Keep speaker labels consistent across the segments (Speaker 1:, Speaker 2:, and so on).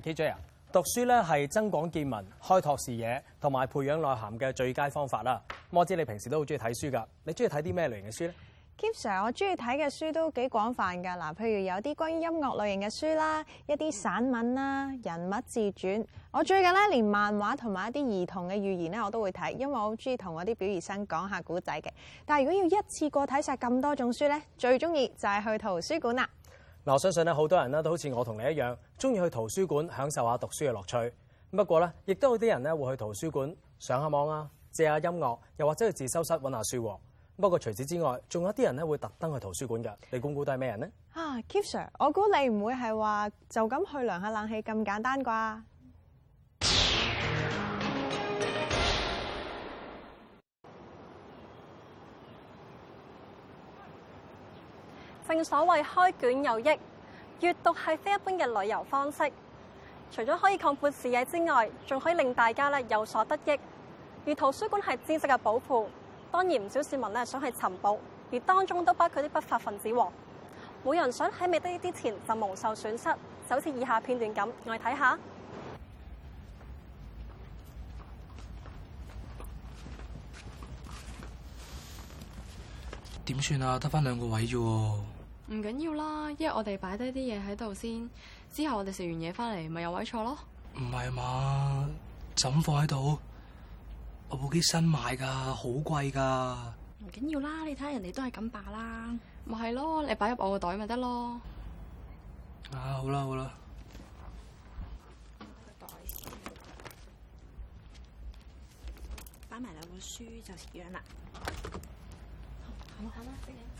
Speaker 1: K J 啊，讀書咧係增廣見聞、開拓視野同埋培養內涵嘅最佳方法啦。咁我知你平時都好中意睇書㗎，你中意睇啲咩類型嘅書呢？
Speaker 2: KJ sir，我中意睇嘅書都幾廣泛㗎。嗱，譬如有啲關於音樂類型嘅書啦，一啲散文啦、人物自傳。我最近咧連漫畫同埋一啲兒童嘅寓言咧我都會睇，因為我好中意同我啲表兒生講下古仔嘅。但係如果要一次過睇晒咁多種書咧，最中意就係去圖書館啦。
Speaker 1: 我相信咧，好多人咧都好似我同你一樣，中意去圖書館享受下讀書嘅樂趣。不過咧，亦都有啲人咧會去圖書館上下網啊，借下音樂，又或者去自修室揾下書。不過除此之外，仲有啲人咧會特登去圖書館嘅。你估估都係咩人咧？
Speaker 2: 啊，Kip Sir，我估你唔會係話就咁去涼下冷氣咁簡單啩。
Speaker 3: 正所謂開卷有益，閱讀係非一般嘅旅遊方式。除咗可以擴闊視野之外，仲可以令大家咧有所得益。而圖書館係知識嘅寶庫，當然唔少市民咧想去尋寶，而當中都包括啲不法分子喎。每人想喺未得呢啲錢就蒙受損失，就好似以下片段咁，我哋睇下
Speaker 4: 點算啊？得翻兩個位啫。
Speaker 3: 唔緊要啦，因為我哋擺低啲嘢喺度先，之後我哋食完嘢翻嚟咪有位坐咯。
Speaker 4: 唔係嘛，枕放喺度，我部機新買噶，好貴噶。
Speaker 3: 唔緊要啦，你睇下人哋都係咁霸啦，咪係咯，你擺入我個袋咪得咯。啊，好啦好啦，擺埋兩本書就
Speaker 4: 似樣啦。好啦好啦
Speaker 3: 吧，再見。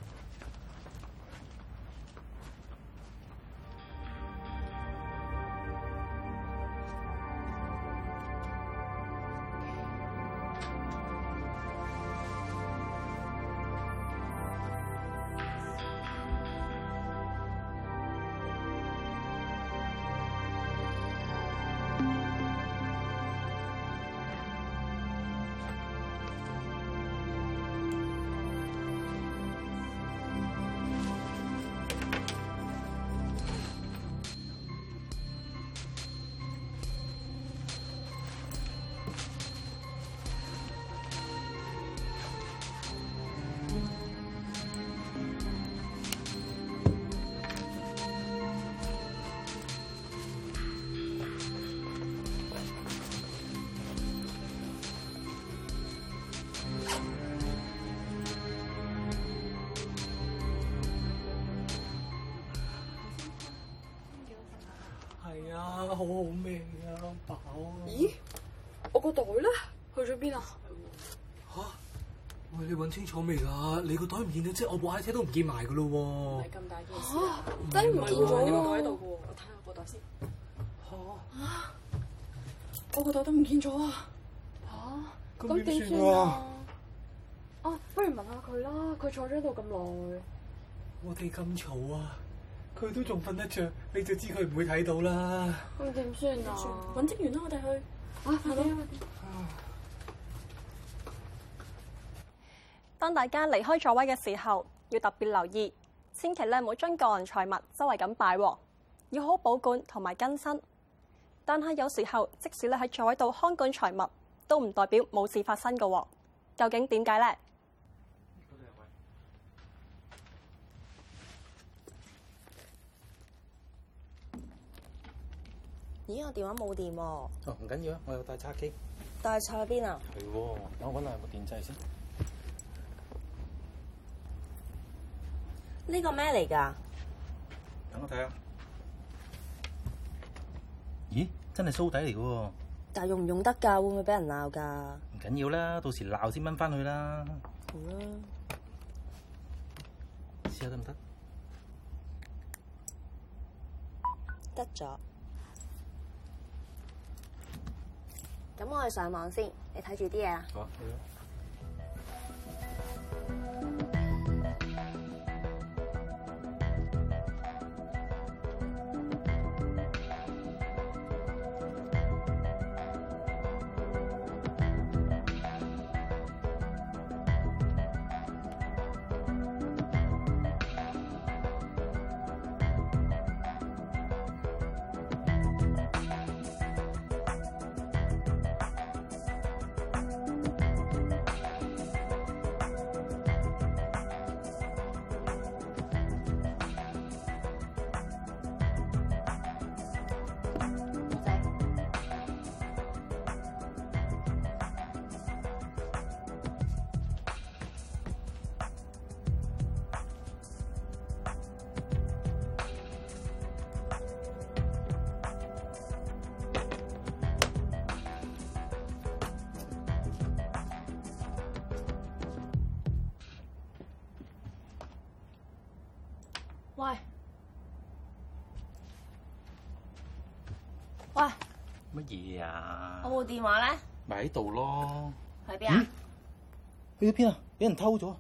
Speaker 5: 啊，好好味啊，飽啊！咦，我個袋咧去咗邊啊？
Speaker 4: 吓、啊，喂，你搵清楚未啊？你個袋唔見到，即係我部 I 車都唔見埋噶咯喎。咁
Speaker 6: 大件，吓，真係唔見咗。你個袋喺度喎，我睇下個袋先。
Speaker 3: 吓，我個袋都唔見咗啊！吓，咁點算啊？啊，啊，不如問下佢啦，佢坐咗度咁耐。
Speaker 4: 我哋咁嘈啊！佢都仲瞓得着，你就知佢唔會睇到啦。咁
Speaker 3: 點算啊？搵職員啦，我哋去嚇快啲！啊，當大家離開座位嘅時候，要特別留意，千祈咧唔好將個人財物周圍咁擺，要好保管同埋更新。但係有時候，即使你喺座位度看管財物，都唔代表冇事發生嘅。究竟點解咧？咦，我電話冇電哦！唔
Speaker 4: 緊要啊，我有帶叉機。
Speaker 3: 帶叉喺邊啊？係，
Speaker 4: 等我搵下有冇電掣先。
Speaker 3: 呢個咩嚟噶？
Speaker 4: 等我睇下。咦，真係蘇底嚟噶！
Speaker 3: 但係用唔用得噶？會唔會俾人鬧噶？唔
Speaker 4: 緊要啦，到時鬧先掹翻去啦。好啦，試下得唔得？
Speaker 3: 得咗。咁我去上網先，你睇住啲嘢啦。好啊。喂
Speaker 4: 喂，乜嘢啊？我部電話咧咪喺度咯，喺邊啊？嗯、去咗邊啊？俾人偷咗。
Speaker 3: 叫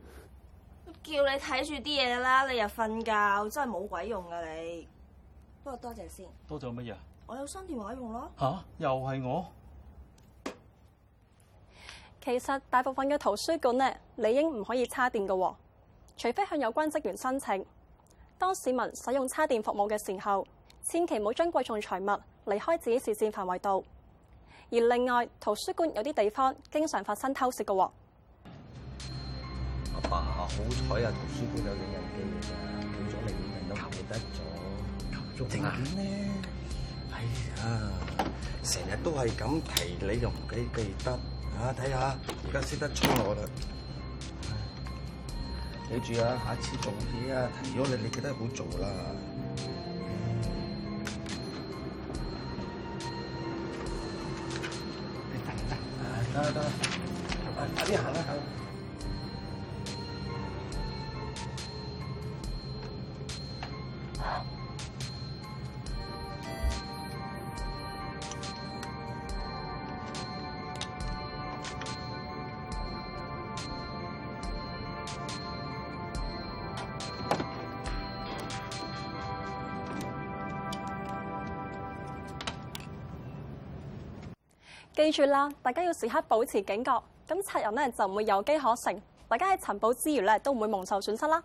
Speaker 3: 你睇住啲嘢啦，你又瞓覺，真係冇鬼用噶、啊、你。不過多謝先，
Speaker 4: 多謝乜嘢啊？
Speaker 3: 我有新電話用咯。
Speaker 4: 吓、啊，又係我。
Speaker 3: 其實大部分嘅圖書館咧，理應唔可以叉電噶、啊，除非向有關職員申請。當市民使用叉電服務嘅時候，千祈唔好將貴重財物離開自己視線範圍度。而另外，圖書館有啲地方經常發生偷竊嘅
Speaker 4: 喎。阿爸，爸，好彩啊！圖書館有影印機嚟嘅，變咗你點人都唔記得咗證件咧。
Speaker 1: 啊、哎呀，
Speaker 4: 成日都係咁提你就唔記記得啊！睇下
Speaker 6: 而家識得衝落嚟。記住啊，下次做嘢啊，如果你你記得唔好做啦。得得、嗯，快啲、嗯、行啦。
Speaker 3: 記住啦，大家要時刻保持警覺，咁賊人咧就唔會有機可乘。大家喺尋寶之餘咧，都唔會蒙受損失啦。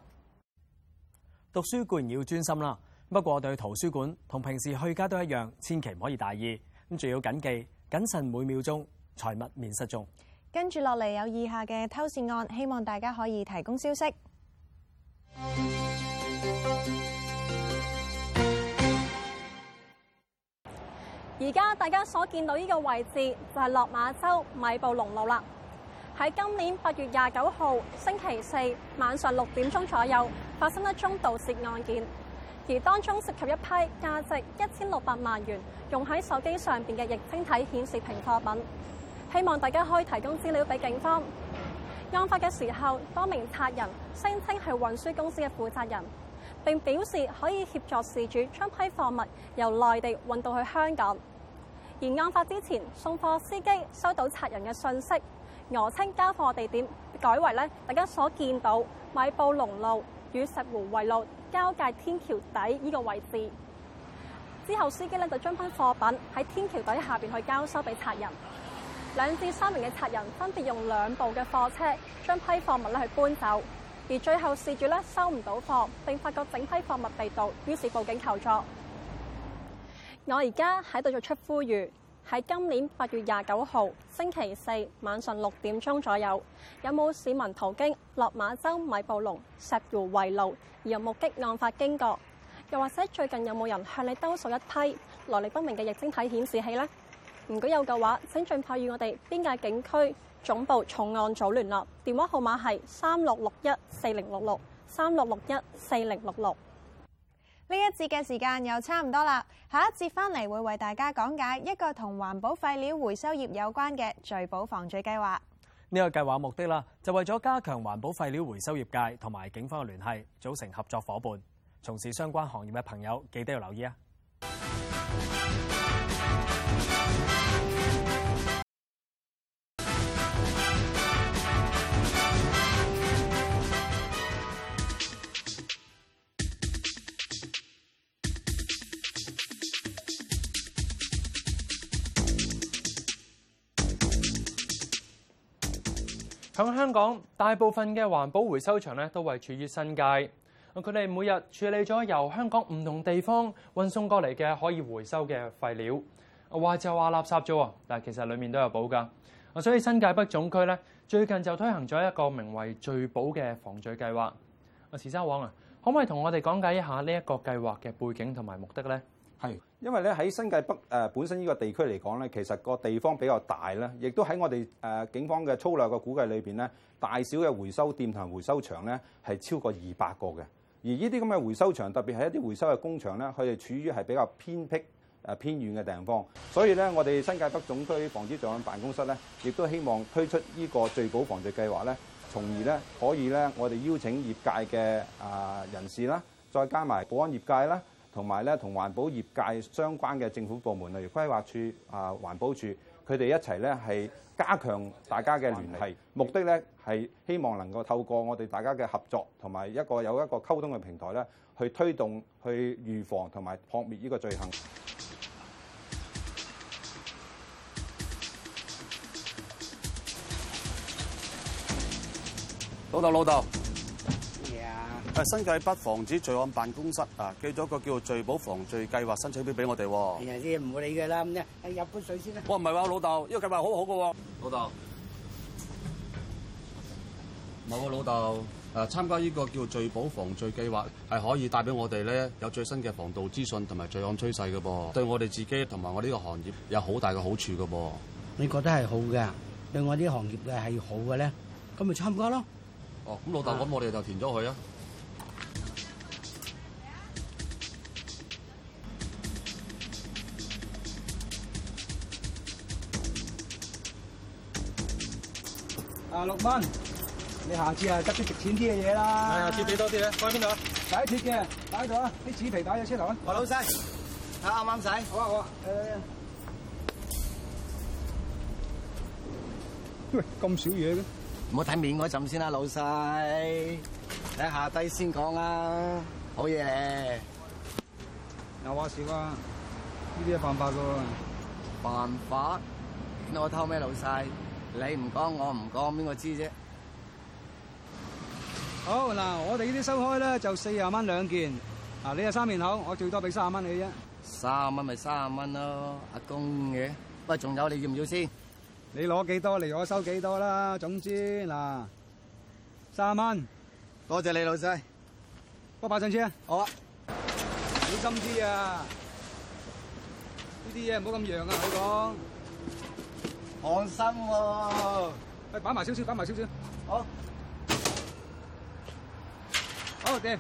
Speaker 1: 讀書固然要專心啦，不過對圖書館同平時去街都一樣，千祈唔可以大意。咁，仲要謹記，謹慎每秒鐘，財物免失蹤。
Speaker 2: 跟住落嚟有以下嘅偷竊案，希望大家可以提供消息。
Speaker 3: 而家大家所見到呢個位置就係落馬洲米布隆路啦。喺今年八月廿九號星期四晚上六點鐘左右，發生一宗盜竊案件，而當中涉及一批價值一千六百萬元用喺手機上面嘅液晶體顯示屏貨品。希望大家可以提供資料俾警方。案發嘅時候，多名客人聲稱係運輸公司嘅負責人，並表示可以協助事主將批貨物由內地運到去香港。而案發之前，送貨司機收到賊人嘅訊息，訛稱交貨地點改為咧大家所見到米埔隆路與石湖圍路交界天橋底呢個位置。之後，司機咧就將批貨品喺天橋底下面去交收俾賊人。兩至三名嘅賊人分別用兩部嘅貨車將批貨物咧去搬走，而最後事主咧收唔到貨，並發覺整批貨物被盜，於是報警求助。我而家喺度做出呼籲，喺今年八月廿九號星期四晚上六點鐘左右，有冇市民途經落馬洲米埔龍石湖圍路而有目擊案發經過？又或者最近有冇人向你兜售一批來歷不明嘅液晶體顯示器呢？如果有嘅話，請盡快與我哋邊界警區總部重案組聯絡，電話號碼係三六六一四零六六三六六一
Speaker 2: 四零六六。呢一節嘅時間又差唔多啦，下一節翻嚟，會為大家講解一個同環保廢料回收業有關嘅聚保防罪計劃。
Speaker 1: 呢個計劃的目的啦，就為咗加強環保廢料回收業界同埋警方嘅聯繫，組成合作夥伴。從事相關行業嘅朋友，記得要留意啊！
Speaker 4: 喺香港，大部分嘅環保回收場咧都係處於新界。佢哋每日處理咗由香港唔同地方運送過嚟嘅可以回收嘅廢料，話就話垃圾啫喎，但係其實裡面都有寶㗎。所以新界北總區咧最近就推行咗一個名為聚寶嘅防罪計劃。時差王，啊，可唔可以同我哋講解一下呢一個計劃嘅背景同埋目的呢？因為咧喺新
Speaker 6: 界北誒本身呢個地區嚟講咧，其實個地方比較大啦，亦都喺我哋誒警方嘅粗略嘅估計裏邊咧，大小嘅回收店同埋回收場咧係超過二百個嘅。而呢啲咁嘅回收場，特別係一啲回收嘅工場咧，佢哋處於係比較偏僻誒偏遠嘅地方。所以咧，我哋新界北總區防止罪案辦公室咧，亦都希望推出呢個最高防罪計劃咧，從而咧可以咧，我哋邀請業界嘅啊人士啦，再加埋保安業界啦。同埋咧，同環保業界相關嘅政府部門，例如規劃署、啊環保署，佢哋一齊咧係加強大家嘅聯繫，目的咧係希望能夠透過我哋大家嘅合作，同埋一個有一個溝通嘅平台咧，去推動、去預防同埋撲滅呢個罪行。老豆，老豆。新界北防止罪案辦公室啊，寄咗個叫做《聚保防罪計劃》申請表俾我哋喎、哦。哎呀，你唔好理佢啦，咁樣，入杯水先啦。我唔係話老豆，呢個計劃好好嘅喎。老豆，唔係喎，老豆誒參加呢個叫《聚保防罪計劃》，係可以帶俾我哋咧有最新嘅防盜資訊同埋罪案趨勢嘅噃。對我哋自己同埋我呢個行業有好大嘅好處嘅噃、哦。你覺得係好嘅，對我呢行業嘅係好嘅咧，咁咪參加咯。哦，咁老豆，咁、啊、我哋就填咗佢啊。
Speaker 4: 廿六蚊，你下次啊執啲值錢啲嘅嘢啦。下次俾多啲啦。放喺邊度啊？第一嘅，喺度啊！啲紙皮擺咗車頭啦。我老
Speaker 6: 細，啊啱啱使，好啊好啊。誒，喂，咁少嘢嘅？唔好睇面嗰陣先啦，老細，睇下低先講啦。好嘢嚟，有話事啩？呢啲犯法㗎喎？犯法？我偷咩老細？你唔講，我唔講，邊個知啫？
Speaker 4: 好嗱，我哋呢啲收開咧就四十蚊兩件，嗱你又三面口，我最多俾卅蚊你啫。卅蚊咪卅蚊
Speaker 6: 咯，阿公嘅。喂，仲有你要唔要先？你攞幾多嚟，我收幾多啦。總之嗱，卅蚊。多謝你老細，幫我擺上車。好啊，小心啲啊！呢啲嘢唔好咁揚啊，你講。放心喎、啊，係擺埋少少，擺埋少少。好，好嘅。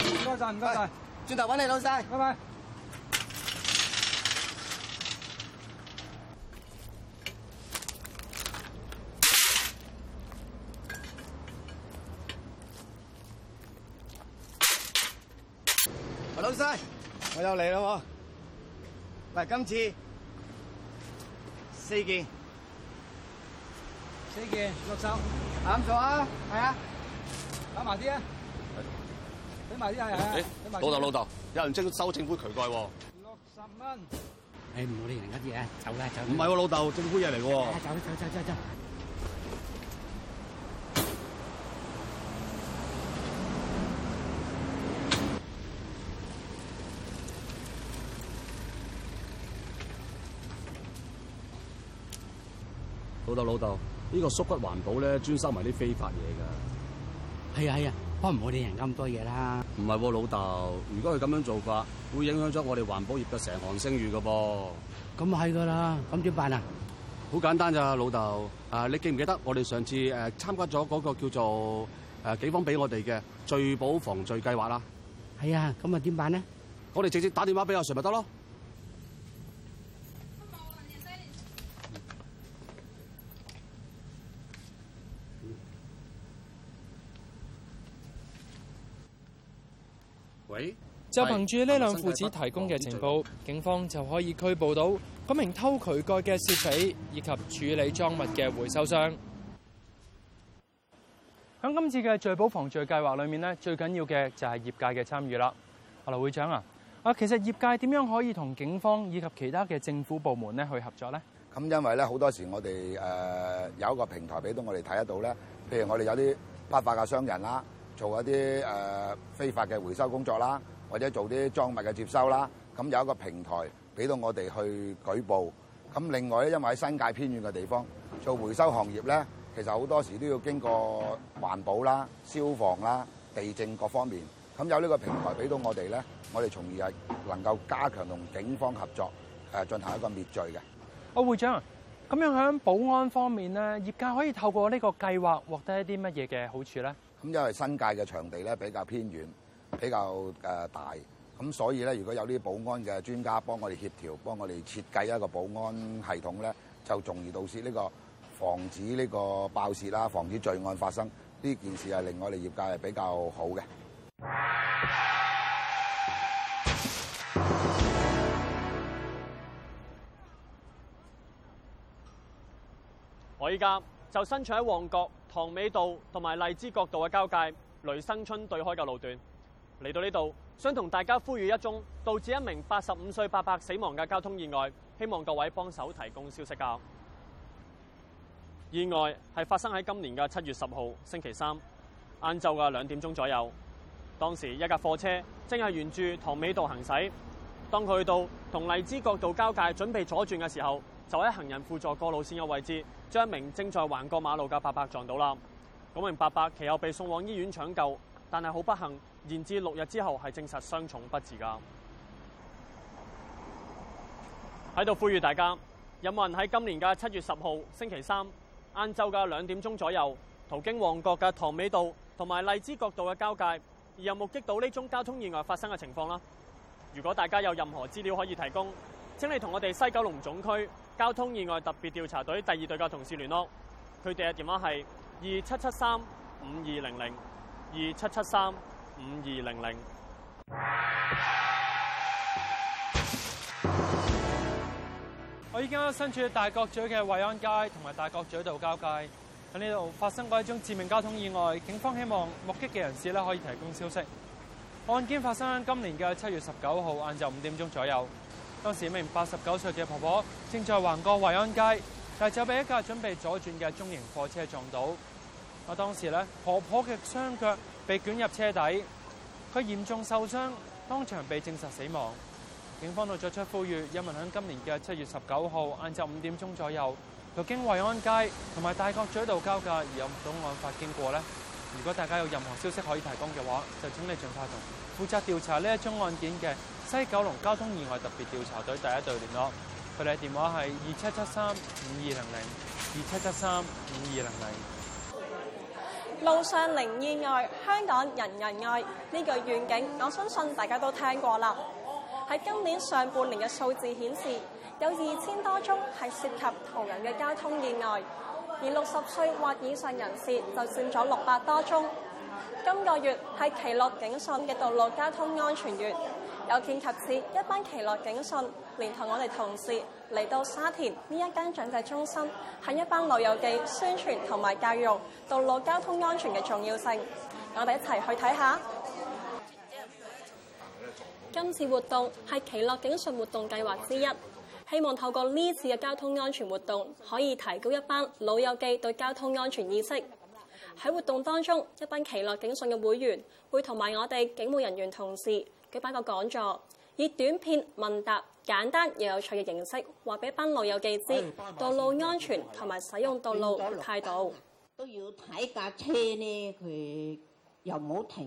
Speaker 6: 唔該晒，唔該晒。轉頭揾你老細，拜拜。老細，我又嚟啦喎。喂，今次。四件，四件，六十，啱數啊，係啊，打埋啲啊，
Speaker 4: 睇埋啲啊，老豆老
Speaker 6: 豆，有人徵收政府渠蓋喎，六十蚊，誒唔好理人家啲嘢，走啦走啦，唔係喎老豆政府嘢嚟喎，
Speaker 4: 走走走走走。
Speaker 6: 老豆，這個，縮環保呢個縮骨環保咧專收埋啲非法嘢㗎。係啊係啊，幫唔到哋人咁多嘢啦。唔係喎，老豆，如果佢咁樣做法，會影響咗我哋環保業嘅成行聲譽嘅噃。咁係㗎啦，咁點辦啊？好簡單咋啊，老豆。啊，你記唔記得我哋上次誒參加咗嗰個叫做誒警方俾我哋嘅聚保防罪計劃啦？係啊，咁啊點辦咧？我哋直接打電話俾阿 Sir 咪得咯。
Speaker 4: 就憑住呢兩父子提供嘅情報，警方就可以拘捕到嗰名偷渠蓋嘅竊匪，以及處理贓物嘅回收商。喺今次嘅聚保防罪計劃裏面，呢最緊要嘅就係業界嘅參與啦。阿劉會長啊，啊，其實業界點樣可以同警方以及其他嘅政府部門咧去合作咧？
Speaker 3: 咁因為咧好多時候我哋誒有一個平台俾到我哋睇得到咧，譬如我哋有啲不法嘅商人啦，做一啲誒非法嘅回收工作啦。或者做啲贓物嘅接收啦，咁有一個平台俾到我哋去舉報。咁另外咧，因為喺新界偏遠嘅地方做回收
Speaker 6: 行業咧，其實好多時都要經過環保啦、消防啦、地政各方面。咁有呢個平台俾到我哋咧，我哋從而係能夠加強同警方
Speaker 3: 合作，誒進行一個滅罪嘅。
Speaker 4: 阿、哦、會長，咁樣喺保安方面咧，業界可以透過呢個計劃獲得一啲乜嘢嘅好處咧？
Speaker 3: 咁因為新界嘅場地咧比較偏遠。比較誒大咁，所以咧，如果有啲保安嘅專家幫我哋協調，幫我哋設計一個保安系統咧，就從而導致呢個防止呢個爆竊啦，防止罪案發生呢件事係令我哋業界係比較好嘅。
Speaker 5: 我依家就身處喺旺角塘尾道同埋荔枝角道嘅交界，雷生春對開嘅路段。嚟到呢度，想同大家呼籲一宗導致一名八十五歲伯伯死亡嘅交通意外，希望各位幫手提供消息。㗎意外係發生喺今年嘅七月十號星期三晏晝嘅兩點鐘左右。當時一架貨車正係沿住塘尾道行駛，當佢到同荔枝角道交界準備左轉嘅時候，就喺行人輔助過路線嘅位置，將一名正在橫過馬路嘅伯伯撞到啦。嗰名伯伯其後被送往醫院搶救，但係好不幸。延至六日之後，係證實傷重不治㗎。喺度呼籲大家，有冇人喺今年嘅七月十號星期三晏晝嘅兩點鐘左右，途經旺角嘅塘尾道同埋荔枝角道嘅交界，而有目擊到呢宗交通意外發生嘅情況啦？如果大家有任何資料可以提供，請你同我哋西九龍總區交通意外特別調查隊第二隊嘅同事聯絡，佢哋嘅電話係二七七三五二零零二七七三五二零零，
Speaker 4: 我依家身處大角咀嘅惠安街同埋大角咀道交界，喺呢度發生過一宗致命交通意外，警方希望目擊嘅人士呢，可以提供消息。案件發生喺今年嘅七月十九號晏晝五點鐘左右，當時一名八十九歲嘅婆婆正在橫過惠安街，但係就俾一架準備左轉嘅中型貨車撞到。啊，當時呢，婆婆嘅雙腳，被捲入車底，佢嚴重受傷，當場被證實死亡。警方都作出呼籲，有問響今年嘅七月十九號晏晝五點鐘左右，途經惠安街同埋大角咀道交界而有唔到案發經過呢。如果大家有任何消息可以提供嘅話，就請你盡快同負責調查呢一宗案件嘅西九龍交通意外特別調查隊第一隊聯絡。佢哋嘅電話係二七七三五二零零二七七三五二零零。
Speaker 3: 路上零意外，香港人人愛。呢句願景，我相信大家都聽過啦。喺今年上半年嘅數字顯示，有二千多宗係涉及途人嘅交通意外，而六十歲或以上人士就佔咗六百多宗。今個月係奇樂警訊嘅道路交通安全月。有見及此，一班奇樂警訊連同我哋同事嚟到沙田呢一間長者中心，向一班老友記宣傳同埋教育道路交通安全嘅重要性。我哋一齊去睇下。今次活動係奇樂警訊活動計劃之一，希望透過呢次嘅交通安全活動，可以提高一班老友記對交通安全意識。喺活動當中，一班奇樂警訊嘅會員會同埋我哋警務人員同事。佢擺個講座，以短片問答簡單又有趣嘅形式，話俾班老友記知道路安全同埋使用道路態度個道都要睇架車呢，佢又唔好停。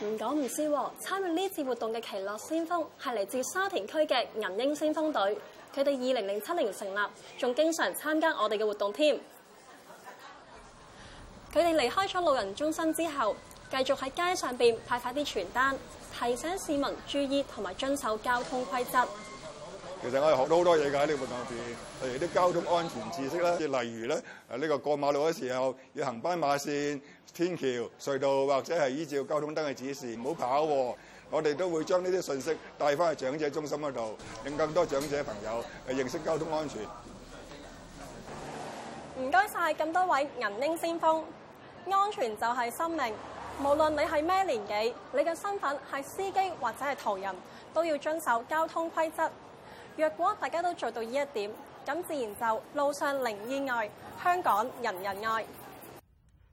Speaker 3: 唔講唔知，參與呢次活動嘅奇樂先鋒係嚟自沙田區嘅銀英先鋒隊。佢哋二零零七年成立，仲經常參加我哋嘅活動添。佢哋離開咗老人中心之後，繼續喺街上邊派發啲傳單。提醒市民注意同
Speaker 1: 埋遵守交通規則。其實我哋學到好多嘢㗎，呢個活動譬如啲交通安全知識啦，即係例如咧，呢個過馬路嘅時候要行斑馬線、天橋、隧道，或者係依照交通燈嘅指示，唔好跑。我哋都會將呢啲信息帶翻去長者中心嗰度，令更多長者朋友認識交通安全。
Speaker 3: 唔該晒咁多位銀鷹先鋒，安全就係生命。無論你係咩年紀，你嘅身份係司機或者係途人，都要遵守交通規則。若果大家都做到呢一點，咁自然就路上零意外，香港人人愛。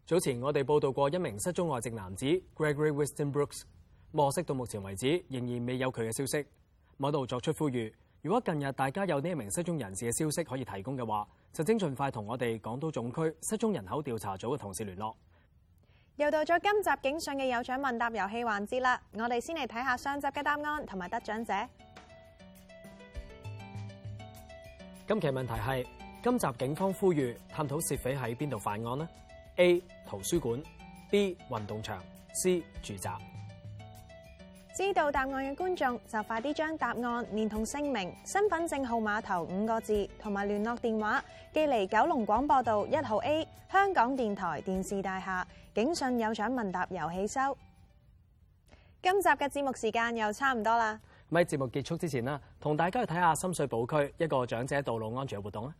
Speaker 1: 早前我哋報道過一名失蹤外籍男子 Gregory Weston Brooks，莫悉到目前為止仍然未有佢嘅消息。某度作出呼籲，如果近日大家有呢一名失蹤人士嘅消息可以提供嘅話，就請盡快同我哋港島總區失蹤人口調查組嘅同事聯絡。
Speaker 2: 又到咗今集《警訊》嘅有獎問答遊戲環節啦！我哋先嚟睇下上集嘅答案同埋得獎者。
Speaker 1: 今期問題係：今集警方呼籲探討竊匪喺邊度犯案呢？A. 圖書館 B. 運動場 C. 住宅。
Speaker 2: 知道答案嘅觀眾就快啲將答案、連同姓名、身份證號碼頭五個字同埋聯絡電話寄嚟九龍廣播道一號 A 香港電台電視大廈。警訊有獎問答遊戲收。今集嘅節目時間又差唔多啦。咁
Speaker 1: 喺節目結束之前啦，同大家去睇下深水埗區一個長者道路安全活動啦。